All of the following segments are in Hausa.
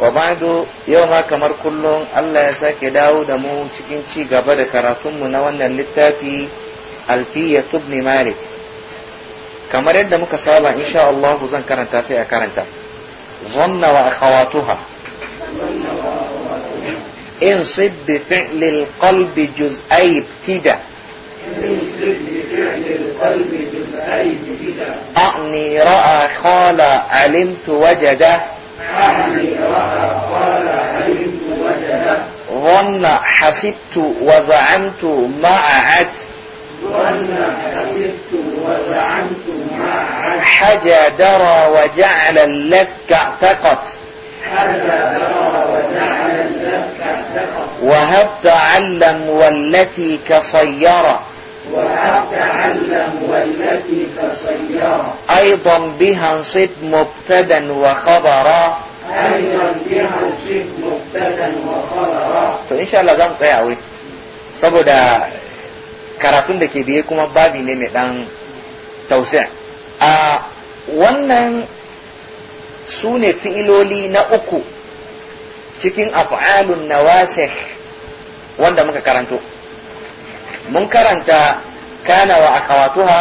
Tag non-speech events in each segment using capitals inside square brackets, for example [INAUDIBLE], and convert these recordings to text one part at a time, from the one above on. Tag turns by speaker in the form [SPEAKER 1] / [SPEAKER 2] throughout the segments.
[SPEAKER 1] wa ba'du yau ma kamar kullum Allah ya sake dawo da mu cikin ci gaba da karatunmu na wannan littafi alfiya tubni malik kamar yadda muka saba insha Allah zan karanta sai a karanta zanna wa akhawatuha in sib bi fi'l al-qalb juz'ay ibtida أعني رأى خال علمت وجده أعني ظن حسبت وزعمت ما ظن حسبت وزعمت وجعل لك اعتقت حجدر وجعل لك اعتقت وهبت علم والتي كصيره وأتعلم والتي تصيرا أيضا بها انصب مبتدا وخبرا أيضا Allah za mu tsaya wuri saboda karatun da ke biye kuma babi ne mai dan tausiya a wannan sune fi'iloli na uku cikin af'alun nawasih wanda muka karanto mun karanta kana wa akawatuha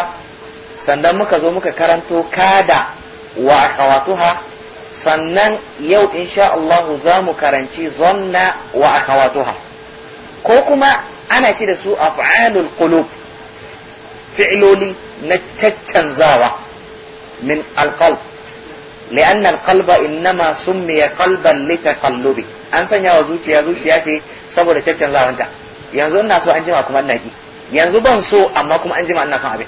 [SPEAKER 1] sannan muka zo muka karanto kada wa akawatuha sannan yau insha Allahu za mu karanci zonna wa akawatuha ko kuma ana ce da su af'alul qulub fi'loli na caccanzawa min alqalb لأن القلب إنما سمي قلبا لتقلبه an sanya zuciya zuciya ce saboda caccan zawanta yanzu ina so an jima kuma ina ki yanzu ban so amma kuma an jima ina son abin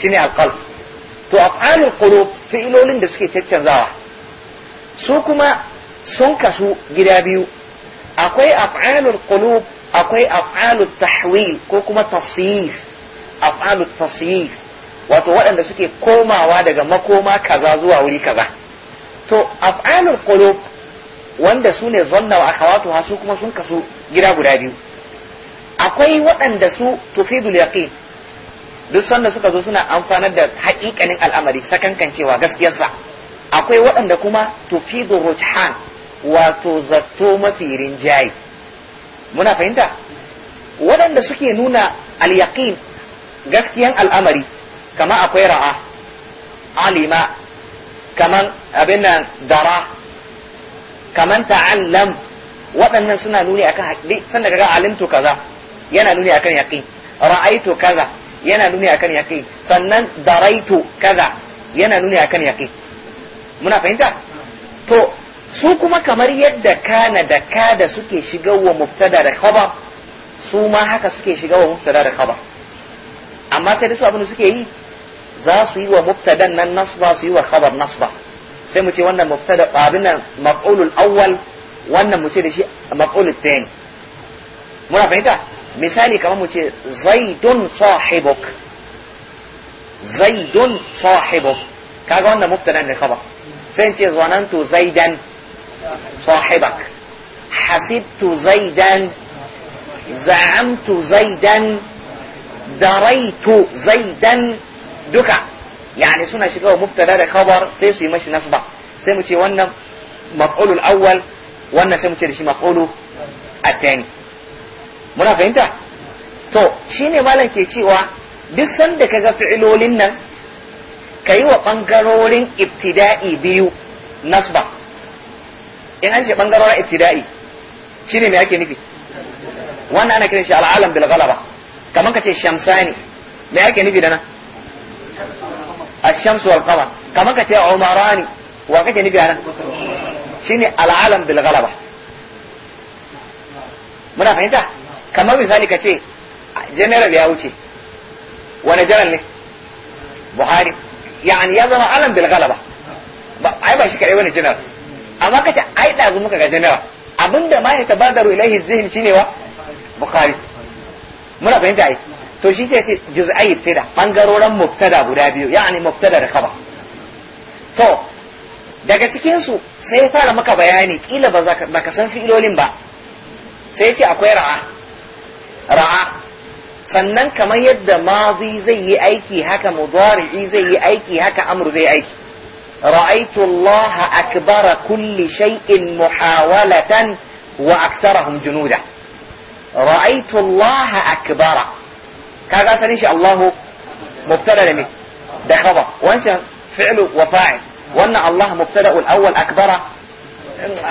[SPEAKER 1] shine alqalb to af'alul qulub fi'ilolin da suke caccanzawa su kuma sun kasu gida biyu akwai af'alul qulub akwai af'alut tahwil ko kuma tasif af'alut tasif wato waɗanda suke komawa daga makoma kaza zuwa wuri kaza to af'alul qulub wanda su ne zanna wa akawatu ha su kuma sun kasu gida guda biyu akwai waɗanda su tufidul yaqin duk sanda suka zo suna amfanar da haƙiƙanin al'amari sakankan cewa gaskiyarsa akwai waɗanda kuma tufidu rujhan wato zato mafi rinjaye muna fahimta waɗanda suke nuna al gaskiyan al'amari kama akwai ra'a alima kaman abin nan dara kaman ta'allam waɗannan suna nuni akan haƙiƙi san kaga alimtu kaza yana nuni akan yaqin ra'aitu kaza yana nuni akan yaqin sannan daraitu kaza yana nuni akan yaqin muna fahimta to su kuma kamar yadda kana da ka da suke shiga wa mubtada da khabar su ma haka suke shiga wa mubtada da khabar amma sai da su abin da suke yi za su yi wa muftadan nan nasba su yi wa khabar nasba sai mu ce wannan mubtada abin nan maf'ulul awwal wannan mu ce da shi maf'ulul thani muna fahimta misali kamar mu ce zaidun sahibuk zaidun sahibuk kaga wannan muftadan da khabar sai ce zanantu zaidan sahibak hasibtu zaidan za'amtu zaidan daraitu zaidan duka yani suna shiga a mubtada da kabar sai su yi mashi nasba sai mu ce wannan maf'ulul awwal wannan sai mu ce da shi maf'ulu atani muna fahimta to shine malam ke cewa duk sanda kaga fi'ilolin nan ka yi wa ɓangarorin ibtida'i biyu nasba in an ce ɓangarorin ibtida'i ne me ake nufi wannan ana kiran shi al'alam bil ghalaba ka ce shamsani me ake nufi da nan ash-shamsu wal qamar ka ce umarani wa kake nufi nan shine al'alam bil ghalaba muna fahimta kamar misali ce general ya wuce wani general ne buhari yani ya zama alam bil galaba ba ai ba shi kai wani general amma kace ai zu muka ga general abinda ma ya tabadaru ilahi zihin shine wa bukhari muna fahimta ai to shi sai ce juz'ai tida bangaroran mubtada guda biyu yani mubtada da khabar to daga cikin su sai ya fara maka bayani kila ba ka san fi'ilolin ba sai ya ce akwai ra'a ra'a sannan kamar yadda mazi zai yi aiki haka mudari'i zai yi aiki haka amru zai aiki ra'aitu Allah akbara kulli shay'in muhawalatan wa aksarahum junuda ra'aitu Allah akbara kaga sanin shi Allahu mubtada ne da khabar wancan fi'lu wa fa'il wannan Allah mubtada al-awwal akbara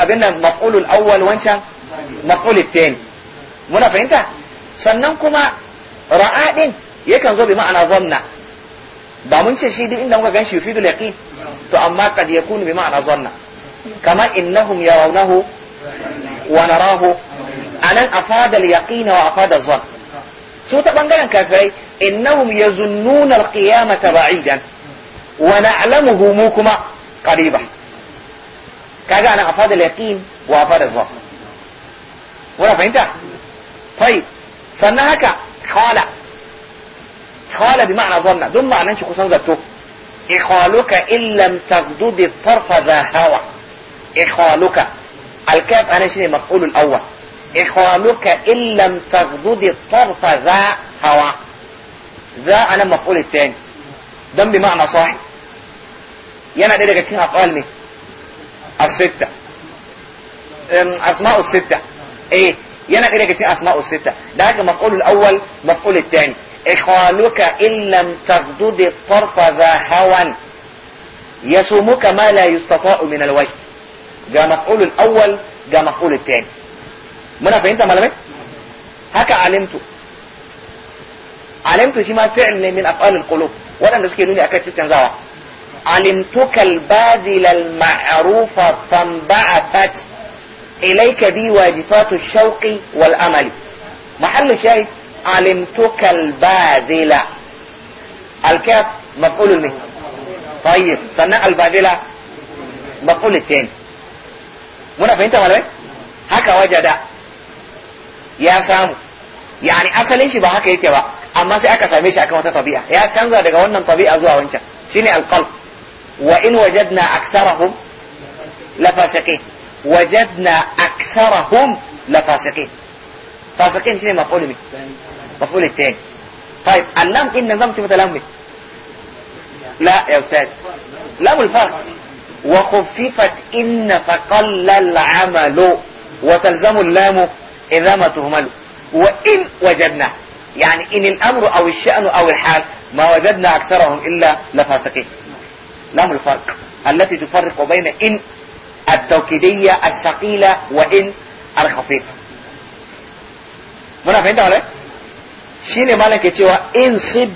[SPEAKER 1] abinda maf'ul al-awwal wancan maf'ul al-thani muna fahimta sannan kuma ra'a din yakan zo bi ma'ana zanna Ba mun ce shi duk inda muka gan shi yufidul yaqin to amma kad yakunu bi ma'ana zanna kama innahum yarawnahu wa narahu anan afada al yaqin wa afada zann su ta bangaren kafirai innahum yazunnuna al qiyamata ba'idan wa na'lamuhu mu kuma qariba kaga anan afada al yaqin wa afada zann wala fahimta tayyib sannan haka إخالة إخالة بمعنى ظن دون معنى أنت خصوصا ذاته إخالك إن لم تغدد الطرف ذا هوى إخالك الكاف أنا شيء مفعول الأول إخالك إن لم تغدد الطرف ذا هوى ذا أنا مفعول الثاني دم بمعنى صاحب يانا ده لغة فيها قال الستة أسماء الستة إيه yana ɗaya daga cikin asma sita da haka maf'ulul awwal maf'ulul thani ikhwaluka in lam taghdud tarfa za hawan yasumuka ma la yustata'u min alwajh ga maf'ulul awwal ga maf'ulul thani muna fahimta malamai haka alimtu alimtu shi ma fi'l ne min af'alul qulub waɗanda suke nuni akan canzawa alimtuka albadil alma'rufa fanba'atat wajifatu shauqi إليك بي واجفات الشوق والأمل محل شاهد علمتك الباذلة الكاف مفعول به طيب صنع الباذلة مفعول الثاني muna fahimta malamai haka wajada ya samu yani asalin shi ba haka yake ba amma sai aka same shi akan wata tabi'a ya canza daga wannan tabi'a zuwa wancan shine alqalb wa in wajadna aktharahum la fasiqin وجدنا أكثرهم لفاسقين فاسقين شنو مفعول به مفعول الثاني طيب اللام إن نظمت متلمس إيه؟ لا يا أستاذ لام الفرق وخففت إن فقل العمل وتلزم اللام إذا ما تهمل وإن وجدنا يعني إن الأمر أو الشأن أو الحال ما وجدنا أكثرهم إلا لفاسقين لام الفرق التي تفرق بين إن a التوكيدية الثقيلة وإن الخفيفة muna fahimta wale shi ne malam ke cewa in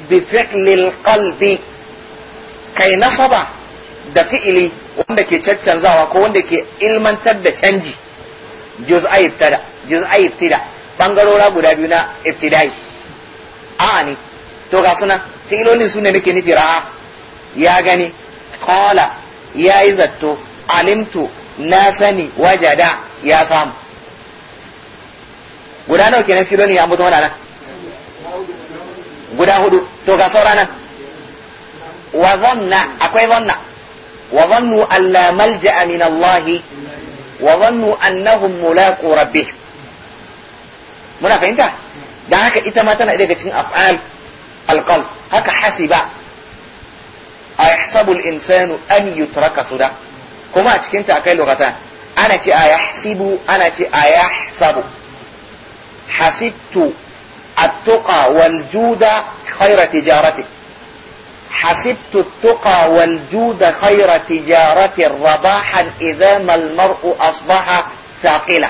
[SPEAKER 1] bi fi'lil qalbi kai nasaba da fi'ili wanda ke caccanzawa ko wanda ke ilmantar da canji juz'ai ibtada juz'ai ibtida bangarora guda biyu na ibtidai a'a ne to ga suna fi'ilolin su ne nake nufi ra'a ya gani kola. ya yi zatto alimtu na sani wajada ya samu guda nawa kenan filo ne ya mutu wannan guda hudu to ga saura nan wa zanna akwai zanna wa zannu an malja'a min Allah wa zannu annahum mulaqu rabbih muna fahimta dan haka ita ma tana daga cikin af'al alqal haka hasiba ayahsabu al-insanu an yutraka sudah kuma a cikinta akwai lugatan ana ce a yahsibu ana ce a yahsabu hasibtu التقى والجود خير تجارتك حسبت التقى والجود خير تجارة رباحا إذا ما المرء أصبح ثاقلا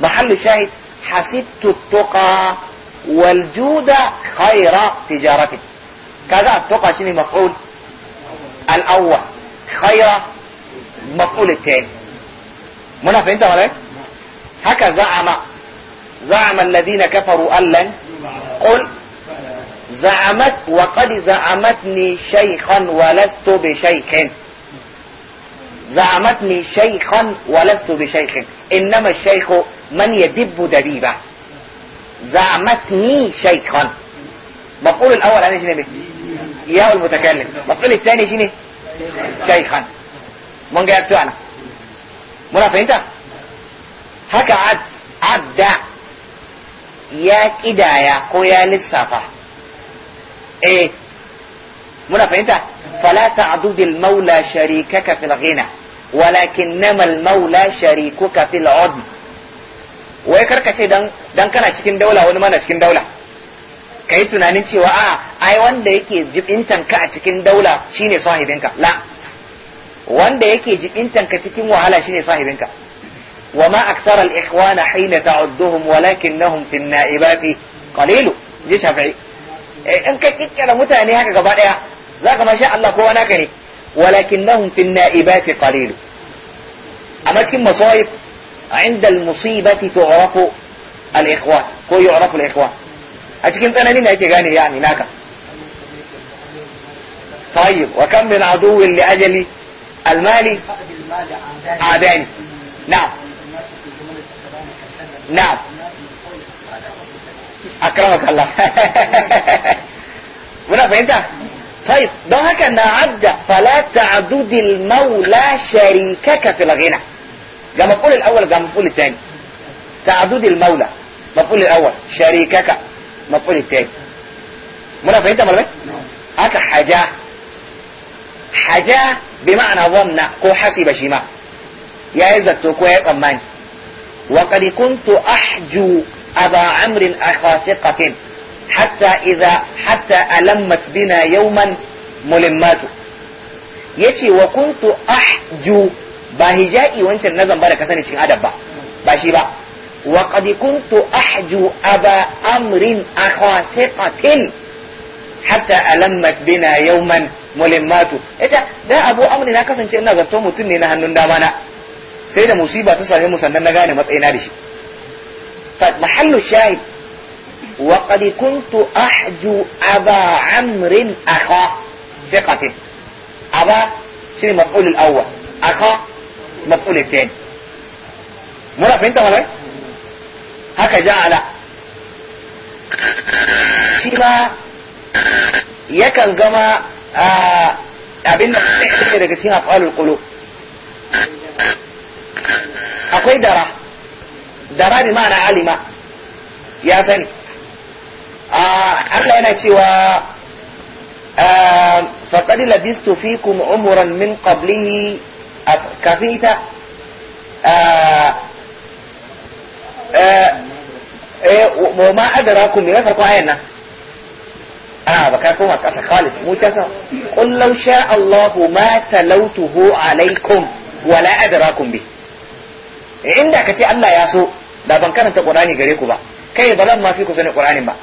[SPEAKER 1] محل شاهد حسبت التقى والجود خير تجارة كذا التقى شنو مفعول الأول خير المفعول التاني منا فهمت ولا إيه؟ هكا زعم زعم الذين كفروا ألا قل زعمت وقد زعمتني شيخا ولست بشيخ زعمتني شيخا ولست بشيخ إنما الشيخ من يدب دبيبة زعمتني شيخا مفعول الأول أنا شنو يا المتكلم مفعول الثاني شنو شيخا mun ga yafi ana muna fahimta haka abda ya kidaya ko ya lissafa eh muna fahimta fala ta'du bil maula sharikaka fil ghina walakin al maula sharikuka fil ud wai karkace dan dan kana cikin daula wani mana cikin daula kai tunanin cewa a ai wanda yake jibintan ka a cikin daula shine sahibinka la wanda yake jibintan ka cikin wahala shine sahibinka wa ma akthara al ikhwana hina ta'udduhum walakinnahum fi an-na'ibati qalilu ji shafi'i in ka kikkira mutane haka gaba daya zaka ma sha Allah kowa naka ne walakinnahum fi an-na'ibati qalilu amma cikin masayib عند المصيبة تعرف الإخوان كو يعرف الإخوان أتكلم أنا من أجي يعني ناكا
[SPEAKER 2] طيب وكم من عدو لأجل
[SPEAKER 1] المالي عادان نعم نعم أكرمك الله هنا [LAUGHS] فهمت طيب ده هكا نعد فلا تعدد المولى شريكك في الغنى ده مفعول الأول ده مفعول الثاني تعدد المولى مفعول الأول شريكك مفعول الثاني هنا فهمت يا هكا حاجة حاجة bi ma'ana zanna ko hasiba shi ma ya yi zato ko ya tsammani wa qad kuntu ahju aba amrin akhatiqatin hatta idza hatta alammat bina yawman mulimmatu yace wa kuntu ahju ba hija'i wancan na zamba da ka sani cikin adab ba ba shi ba wa qad kuntu ahju aba amrin akhatiqatin hatta alammat bina yawman mulimmatu yace da abu amri na kasance ina zato mutum ne na hannun dama na sai da musiba ta same mu sannan na gane matsayina da shi mahallu shahid wa qad kuntu ahju aba amrin akha thiqatin aba shine maf'ul al-awwal akha maf'ul al-thani muna fahimta malai haka ja'ala shi ma yakan zama Ah, abin da suke daga cikin afalul qulub akwai dara dara bi ma'ana alima ya sani ah, Allah yana cewa ah, faqad labistu fikum umran min qablihi kafin ita eh, eh, wa ma adrakum me farko ayan nan a ah, ba ka koma ƙasa khalif mu ta sa qul law sha Allahu ma talawtuhu alaikum wa la adrakum bi eh, inda kace Allah ya so da ban karanta Qur'ani gare ku ba kai ba zan ma fi ku Qur'anin ba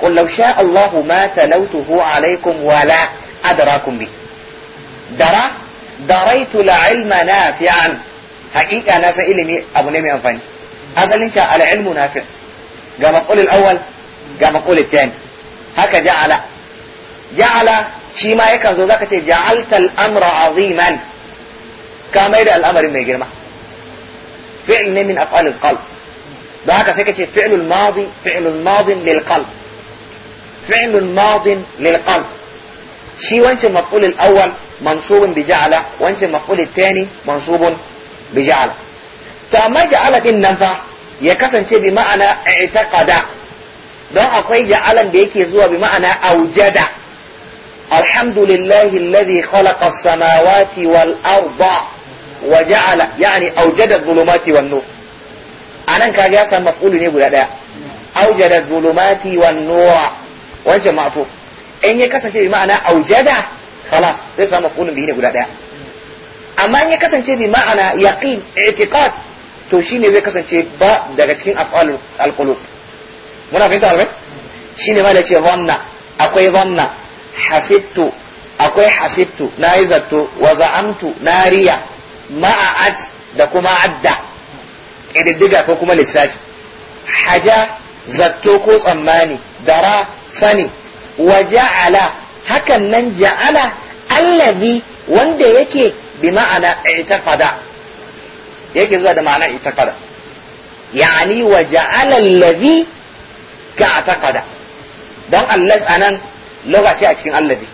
[SPEAKER 1] qul law sha Allahu ma talawtuhu alaikum wa la adrakum bi dara daraitu la ilma nafi'an haqiqa na san ilimi abu ne mai amfani asalin sha al ilmu nafi' ga maqulul awwal ga maqulul thani haka ja'ala ja'ala shi ma yakan zo zaka ce ja'alta al-amra aziman ka mai da al'amari mai girma fi'l ne min af'al al-qalb don haka sai ka ce fi'l al-madi fi'l al-madi lil qalb fi'l al-madi lil qalb shi wancan maf'ul al-awwal mansubun bi ja'ala wancan maf'ul al-thani mansubun bi ja'ala to amma ja'ala din nan fa ya kasance bi ma'ana i'taqada don akwai ja'alan da yake zuwa bi ma'ana aujada alhamdulillahi alladhi khalaqa as-samawati wal arda wa ja'ala yani aujada adh-dhulumati wan nur anan kaga ya san maf'ulu ne guda daya aujada adh-dhulumati wan nur wancan ma'tuf in ya kasance bi ma'ana aujada khalas zai samu maf'ulun bihi ne guda daya amma in ya kasance bi ma'ana yaqin i'tiqad to shine zai kasance ba daga cikin af'alul qulub muna fahimta shi ne malai ce zanna akwai zanna hasittu akwai hasittu na yi zato wa za'amtu na riya ma'a'ad da kuma adda ƙididdiga ko kuma lissafi haja zato ko tsammani dara sani wa ja'ala hakan nan ja'ala allazi wanda yake bi ma'ana itaqada yake zuwa da ma'ana itaqada yani wa ja'ala allazi ka atakada dan allazi a nan ce a cikin allazi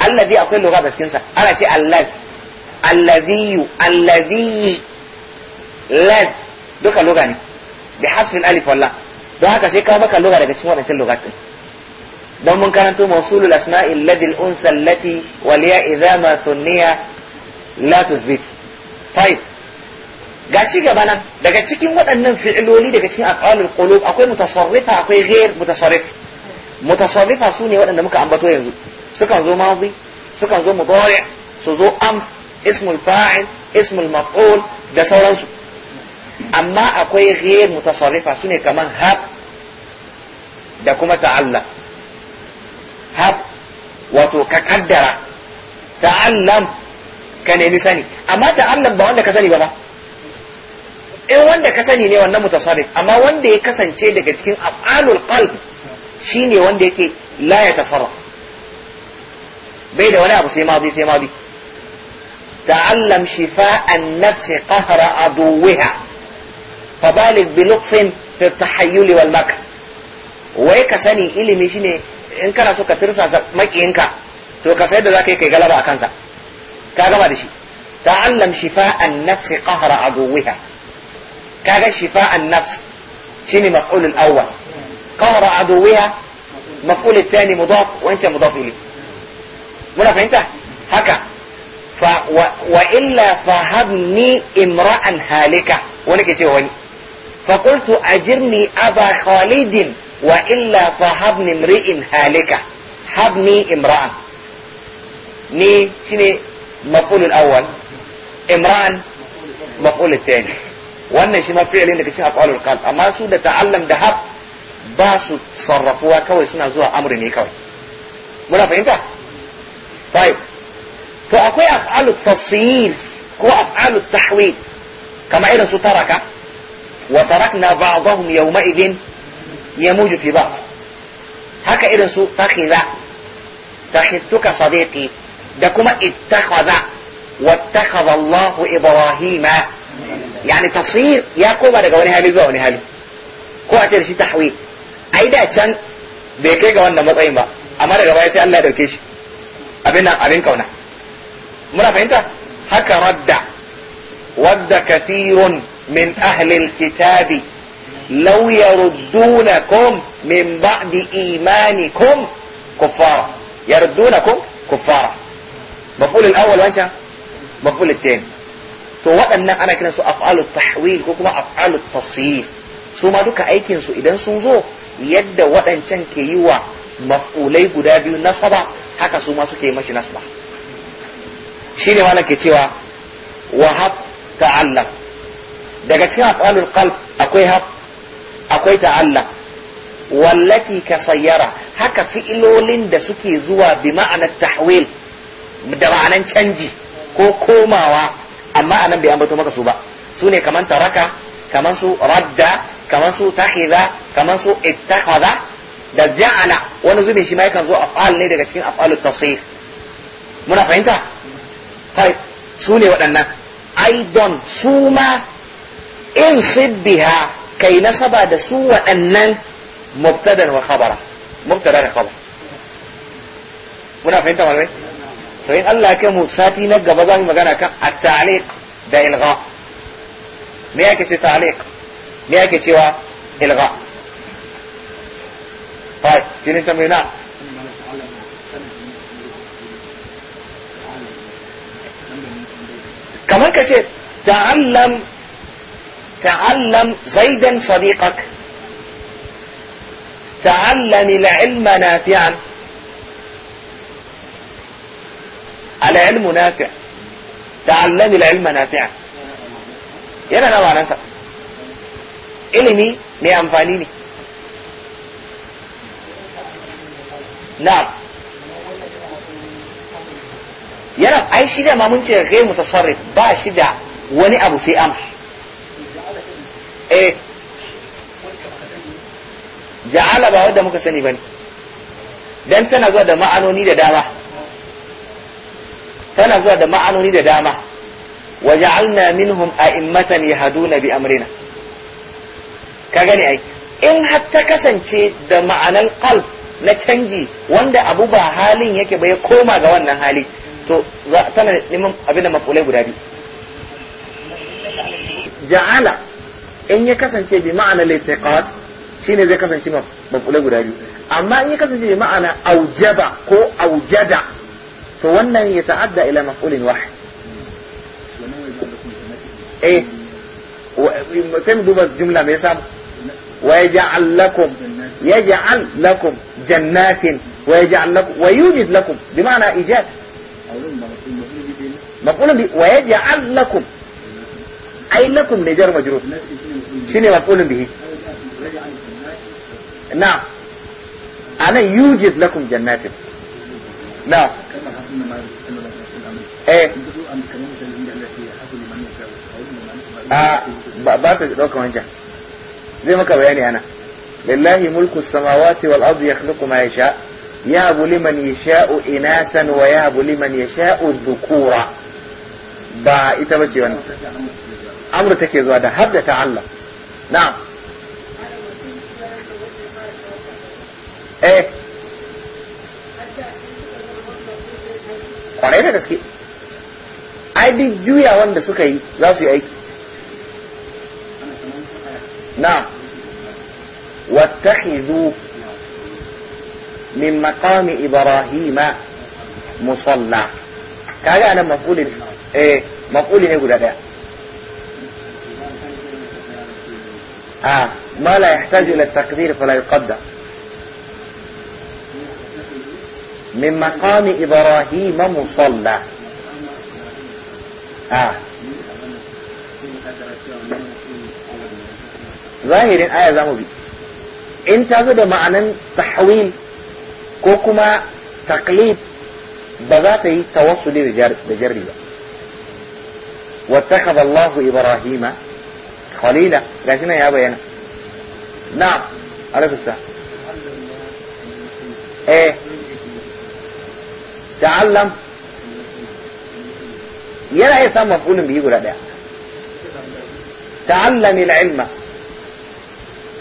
[SPEAKER 1] allazi akwai lura da cikinsa sa ana ce allazi allazi allazi laz duka ne bi hasfin alif wallah don haka sai ka maka lugha daga cikin waɗancan lura din don mun karanto mawsulul asma'i alladhi al-unsa allati wal ya ma thunniya la ga ci gaba nan daga cikin waɗannan fi'iloli daga cikin aqalul qulub akwai mutasarrifa akwai ghair mutasarrif mutasarrifa su ne waɗanda muka ambato yanzu sukan zo madi sukan zo mudari su zo am ismul fa'il ismul maf'ul da sauransu amma akwai ghair mutasarrifa su ne kaman hab da kuma ta'alla hab wato ka kaddara ta'allam ka nemi sani amma ta'allam ba wanda ka sani ba ba in eh, wanda ka sani ne wannan mutasarrif amma wanda ya kasance daga cikin af'alul qalb shine wanda yake la ya tasarraf bai da wani abu sai madi sai madi ta'allam shifa'an nafsi qahra aduwiha fabalik bi lutfin fi tahayyul wal makr wai ka sani ilimi shine in kana so ka tirsasa makiyinka to ka sai da zaka yi kai galaba a kansa ka gama da shi ta'allam shifa'an nafsi qahra aduwiha kaga shifa nafs shine maf'ul al قهر عدوها مفعول الثاني مضاف وانت مضاف اليه ولا فهمت هكا ف و... والا فهبني امرا هالكا وانا كتير واني فقلت اجرني ابا خالد والا فهبني امرئ هالكا هبني امرا ني شنو مفعول الاول امرا مفعول الثاني wannan shi ma fi'ilin daga cikin af'alul qalb amma su da ta'allam da hab ba su sarrafuwa kawai suna zuwa amri ne kawai muna fahimta طيب to akwai af'alu tasir ko af'alu tahwil kama irin su taraka wa tarakna ba'dahum yawma idin yamuju fi ba'd haka irin su takhiza tahittuka sadiqi da kuma ittakhadha wattakhadha Allahu Ibrahima yani tasir ya koma daga wani hali zuwa wani hali ko a ce da shi tahwi ai da can bai kai ga wannan matsayin ba amma daga baya sai Allah ya dauke shi abin nan abin kauna muna fahimta haka radda wadda kafirun. min ahli alkitabi law yaruddunakum min ba'di imanikum kuffara yaruddunakum kuffara maf'ul al-awwal wancan maf'ul to waɗannan ana kiransu af'alu tahwil ko kuma af'alu tasyif su ma duka aikin su idan sun zo yadda waɗancan ke yi wa maf'ulai guda biyu nasaba haka su ma suke mashi nasaba shine wannan ke cewa wahab ta'allam daga cikin af'alul qalb akwai hab akwai ta'allam wallati ka haka fi'ilolin da suke zuwa bi ma'anar tahwil da ma'anar canji ko komawa amma anan bai ambato maka su ba su ne kaman taraka kaman su radda kaman su tahiza kaman su ittakhadha da ja'ala wani zubin shi ma yakan zo af'al ne daga cikin af'alut tasrif muna fahimta sai su ne waɗannan aidon su ma in sibbiha kai nasaba da su waɗannan mubtada wa khabara mubtada da khabar muna fahimta malamai فإن الله كمو ساتي نجا مجانا كا التعليق ده إلغاء ميكي كتير تعليق ميكي تي إلغاء طيب تين انت مينا كمان كشي تعلم تعلم زيدا صديقك تعلم العلم نافعا al'ilmu nafi ta'allami al'ilma nafi'a yana na ma'anarsa ilimi mai amfani ne na yana ai shi da mamun ce kai mutasarrif ba shi da wani abu sai amr eh ja'ala ba wanda muka sani bane dan tana zuwa da ma'anoni da dama tana zuwa da ma'anoni da dama wa ja'alna minhum a'immatan yahduna bi amrina ka gani ai in har ta kasance da ma'anan qalb na canji wanda abu ba halin yake ba ya koma ga wannan hali to tana neman abin da mafulai guda biyu ja'ala in ya kasance bi ma'ana litiqat shine zai kasance mafulai guda biyu amma in ya kasance bi ma'ana aujaba ko aujada فوانا يتعدى إلى مفعول واحد إيه كم دوبة جملة بيصعب ويجعل لكم يجعل لكم جنات ويجعل لكم ويوجد لكم بمعنى إيجاد مفعول به ويجعل لكم أي لكم نجار مجرور شنو مفعول به نعم أنا يوجد لكم جنات نعم زي ما كبياني أنا لله ملك السماوات والأرض يخلق ما يشاء يهب لمن يشاء إناثا ويهب لمن يشاء الذكورا با إتبتي وانا أمر تكيز وانا هب يتعلم نعم إيه kwarai da gaske ai duk juya wanda suka yi za su yi aiki na wattakhidhu min maqami ibrahima musalla kaga anan maf'ulin eh maf'uli ne guda daya ah ma la yahtaju ila at-taqdir fala yuqaddar من مقام إبراهيم مصلى آه. ظاهر آية زامبي انت هذا معنى تحويل كوكما تقليد بذاته توصلي بجري واتخذ الله إبراهيم خليلا لكن يا بينا نعم على فسا ايه ta'allam yana iya samun mafulin biyu guda ɗaya ta'allami ilma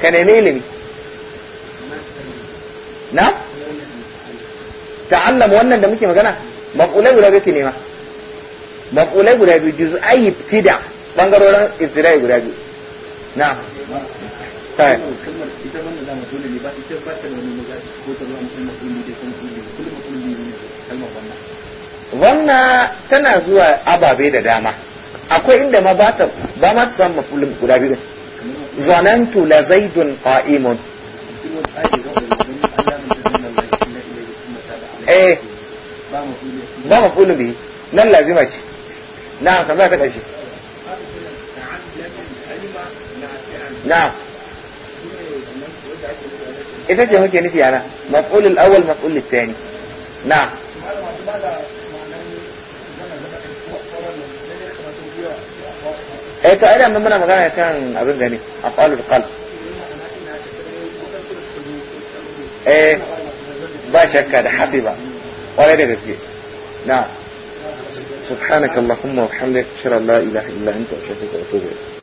[SPEAKER 1] ka nemi ilimi na ta'allam wannan da muke magana mafulai guda biyu ke nema mafulai guda biyu juz'ai ibtida bangarorin ibtida'i guda biyu na ta ita wannan tana zuwa ababe da dama akwai inda ma ba ta ba ma ta samu mafulin guda biyu zanantu la zaidun qa'imun eh ba mafulin bi nan lazima ce na'am kamar ta kashi na'am ita ce muke nufi ana maf'ulul awwal maf'ulul thani na'am eh to ai da muna magana kan abin gani afalul qalb eh ba shakka da hasiba wala da gaske na سبحانك اللهم وبحمدك اشهد ان لا اله الا انت استغفرك واتوب